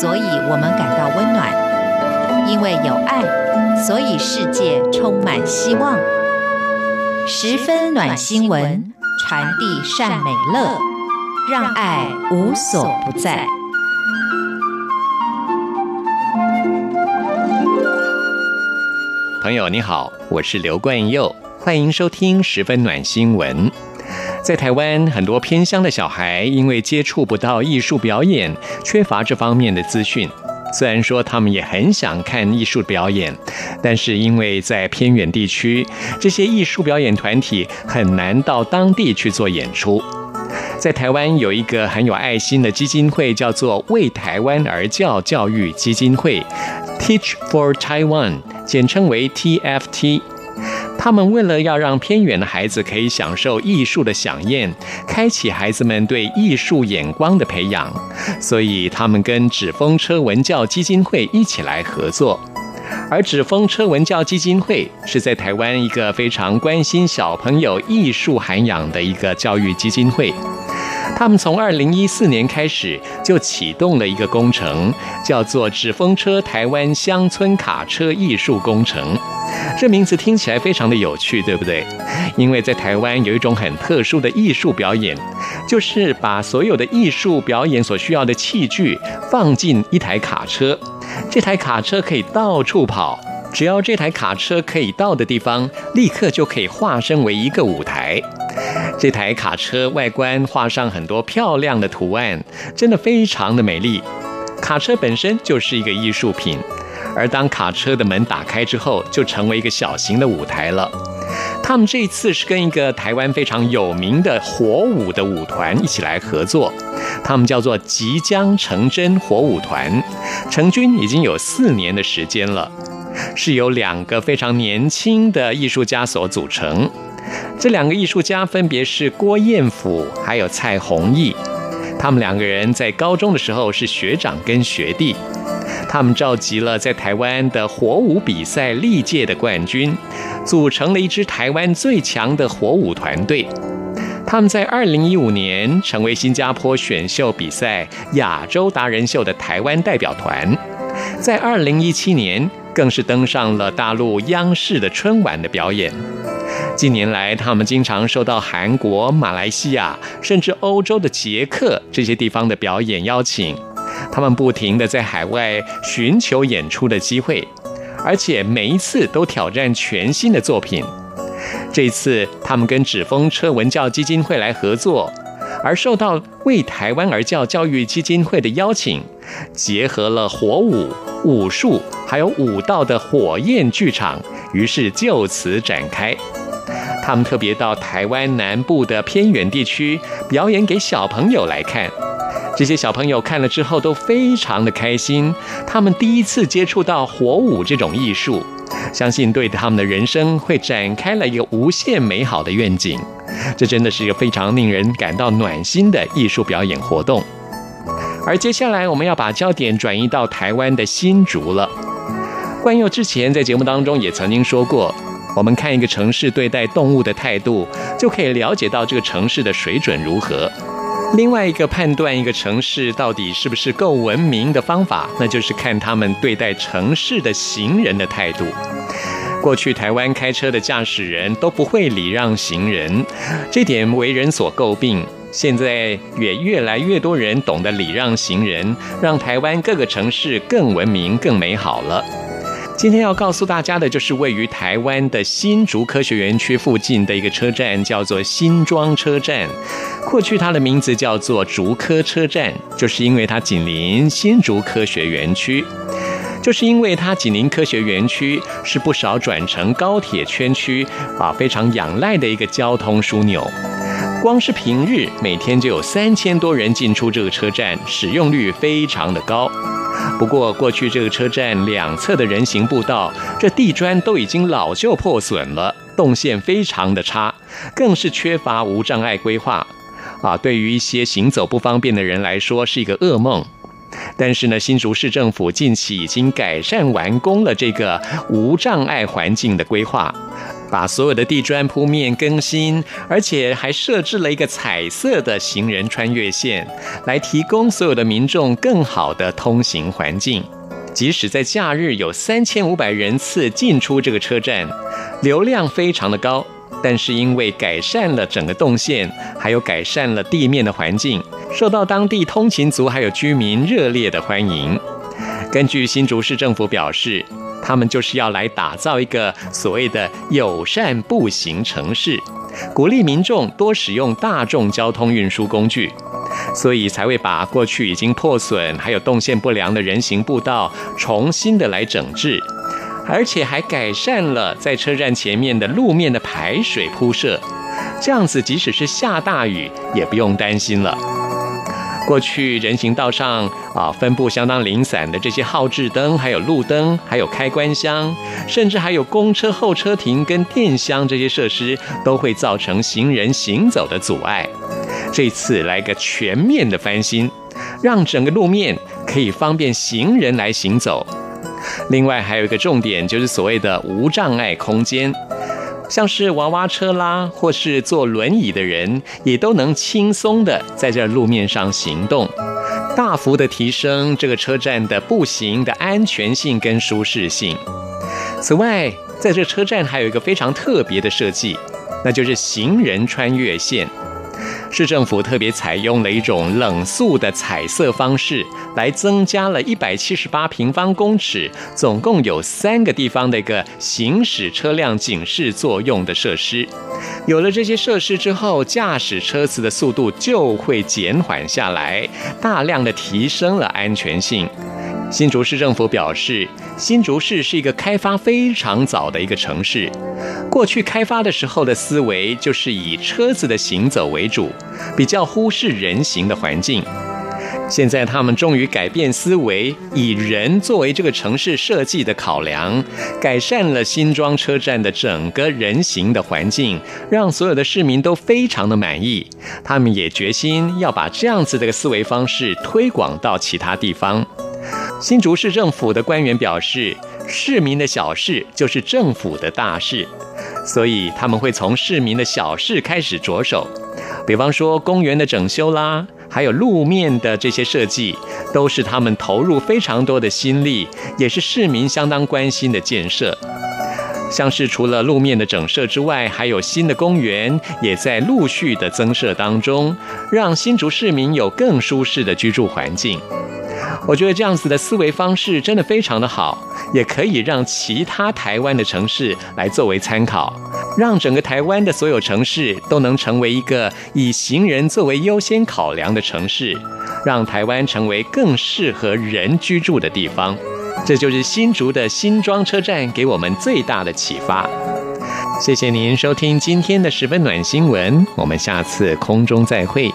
所以我們感到溫暖，因為有愛，所以世界充滿希望。十分暖新聞，傳遞善美樂，讓愛無所不在。朋友你好，我是劉冠佑，歡迎收聽《十分暖新聞》。在台灣，很多偏鄉的小孩因為接觸不到藝術表演，缺乏這方面的資訊。雖然說他們也很想看藝術表演，但是因為在偏遠地區，這些藝術表演團體很難到當地去做演出。在台灣有一個很有愛心的基金會，叫做“為台灣而教教育基金會 ”（Teach for Taiwan），簡稱為 TFT。他們為了要讓偏遠的孩子可以享受藝術的饗宴，開啟孩子們對藝術眼光的培養，所以他們跟紙風車文教基金會一起來合作。而紙風車文教基金會是在台灣一個非常關心小朋友藝術涵養的一個教育基金會。他們從二零一四年開始就啟動了一個工程，叫做“紙風車台灣鄉村卡車藝術工程”。這名字聽起來非常的有趣，對不對？因為在台灣有一種很特殊的藝術表演，就是把所有的藝術表演所需要的器具放進一台卡車。這台卡車可以到處跑，只要這台卡車可以到的地方，立刻就可以化身為一個舞台。這台卡車外觀畫上很多漂亮的圖案，真的非常的美麗。卡車本身就是一個藝術品。而當卡車的門打開之後，就成為一個小型的舞台了。他們這一次是跟一個台灣非常有名的火舞的舞團一起來合作，他們叫做即將成真火舞團。成軍已經有四年的時間了，是由兩個非常年輕的藝術家所組成。這兩個藝術家分別是郭彥甫還有蔡弘毅，他們兩個人在高中的時候是學長跟學弟。他們召集了在台灣的火舞比賽歷屆的冠軍，組成了一支台灣最強的火舞團隊。他們在2015年成為新加坡選秀比賽《亞洲達人秀》的台灣代表團，在2017年更是登上了大陸央視的春晚的表演。近年來，他們經常受到韓國、馬來西亞，甚至歐洲的捷克這些地方的表演邀請。他們不停地在海外尋求演出的機會，而且每一次都挑戰全新的作品。這次他們跟紙風車文教基金會來合作，而受到為台灣而教教育基金會的邀請，結合了火舞武術還有武道的火焰劇場，於是就此展開。他們特別到台灣南部的偏遠地區表演給小朋友來看。這些小朋友看了之後都非常的開心，他們第一次接觸到火舞這種藝術，相信對他們的人生會展開了一個無限美好的願景。這真的是一個非常令人感到暖心的藝術表演活動。而接下來我們要把焦點轉移到台灣的新竹了。冠佑之前在節目當中也曾經說過，我們看一個城市對待動物的態度，就可以了解到這個城市的水準如何。另外一個判斷一個城市到底是不是夠文明的方法，那就是看他們對待城市的行人的態度。過去台灣開車的駕駛人都不會禮讓行人，這點為人所詬病。現在也越來越多人懂得禮讓行人，讓台灣各個城市更文明、更美好了。今天要告訴大家的就是位於台灣的新竹科學園區附近的一個車站，叫做新莊車站。過去它的名字叫做竹科車站，就是因為它緊鄰新竹科學園區。就是因為它緊鄰科學園區，是不少轉乘高鐵圈區啊非常仰賴的一個交通樞紐。光是平日每天就有三千多人進出這個車站，使用率非常的高。不過，過去這個車站兩側的人行步道，這地磚都已經老舊破損了，動線非常的差，更是缺乏無障礙規劃，啊，對於一些行走不方便的人來說是一個噩夢。但是呢，新竹市政府近期已經改善完工了這個無障礙環境的規劃。把所有的地磚鋪面更新，而且還設置了一個彩色的行人穿越線，來提供所有的民眾更好的通行環境。即使在假日有三千五百人次進出這個車站，流量非常的高，但是因為改善了整個動線，還有改善了地面的環境，受到當地通勤族還有居民熱烈的歡迎。根據新竹市政府表示，他們就是要來打造一個所謂的友善步行城市，鼓勵民眾多使用大眾交通運輸工具，所以才會把過去已經破損還有動線不良的人行步道重新的來整治，而且還改善了在車站前面的路面的排水鋪設，這樣子即使是下大雨也不用擔心了。過去人行道上啊，分佈相當零散的這些號誌燈、還有路燈、還有開關箱，甚至還有公車候車亭跟電箱這些設施，都會造成行人行走的阻礙。這次來個全面的翻新，讓整個路面可以方便行人來行走。另外還有一個重點，就是所謂的無障礙空間。像是娃娃車啦，或是坐輪椅的人，也都能輕鬆的在這路面上行動，大幅的提升這個車站的步行的安全性跟舒適性。此外，在這車站還有一個非常特別的設計，那就是行人穿越線。市政府特別採用了一種冷塑的彩色方式，來增加了一百七十八平方公尺，總共有三個地方的一個行駛車輛警示作用的設施。有了這些設施之後，駕駛車子的速度就會減緩下來，大量的提升了安全性。新竹市政府表示，新竹市是一個開發非常早的一個城市，過去開發的時候的思維就是以車子的行走為主，比較忽視人行的環境。現在他們終於改變思維，以人作為這個城市設計的考量，改善了新莊車站的整個人行的環境，讓所有的市民都非常的滿意。他們也決心要把這樣子的一個思維方式推廣到其他地方。新竹市政府的官員表示，市民的小事就是政府的大事，所以他們會從市民的小事開始着手，比方說公園的整修啦，還有路面的這些設計，都是他們投入非常多的心力，也是市民相當關心的建設。像是除了路面的整設之外，還有新的公園也在陸續的增設當中，讓新竹市民有更舒適的居住環境。我覺得這樣子的思維方式真的非常的好，也可以讓其他台灣的城市來作為參考，讓整個台灣的所有城市都能成為一個以行人作為優先考量的城市，讓台灣成為更適合人居住的地方。這就是新竹的新莊車站給我們最大的啟發。謝謝您收聽今天的十分暖新聞，我們下次空中再會。